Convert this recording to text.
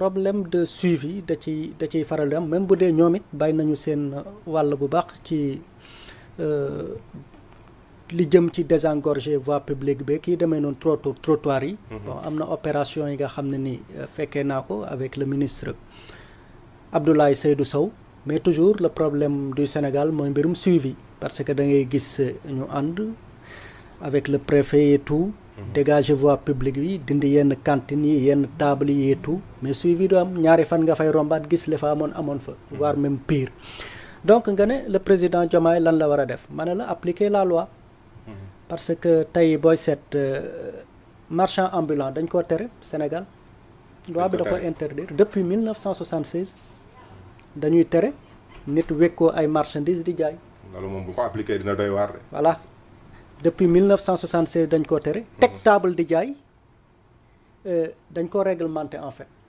problème de suivi da ciy da ciy faral di am même bu dee ñoom it bàyyi nañu seen wàll bu baax ci euh, li jëm ci désengorger voie publique bi kii demee noonu trottoir trottoir yi. Mhm. am na opération yi nga xam ne ni euh, fekkee naa ko avec le ministre Abdoulaye Seydou Sow mais toujours le problème du Sénégal mooy mbirum suivi parce que da ngay gis ñu ànd avec le préfet et tout. dégager voie publique bi dindi yenn cantines yenn table yi et tout mais suivi du am ñaari fan nga fay rombaat gis li fa amoon amoon fa voire même piir donc nga ne le président Diomaye lan la war a def ma ne la appliquer la loi parce que tey booy seet euh, marchand ambulant dañ koo tere Sénégal loi bi da ko interdire depuis 1976 dañuy tere nit wekkoo ay marchandises di jaay loolu moom bu ko appliquer depuis 1976 dañ koo tere. teg mhm. table di jaay euh, dañ ko réglementé en fait.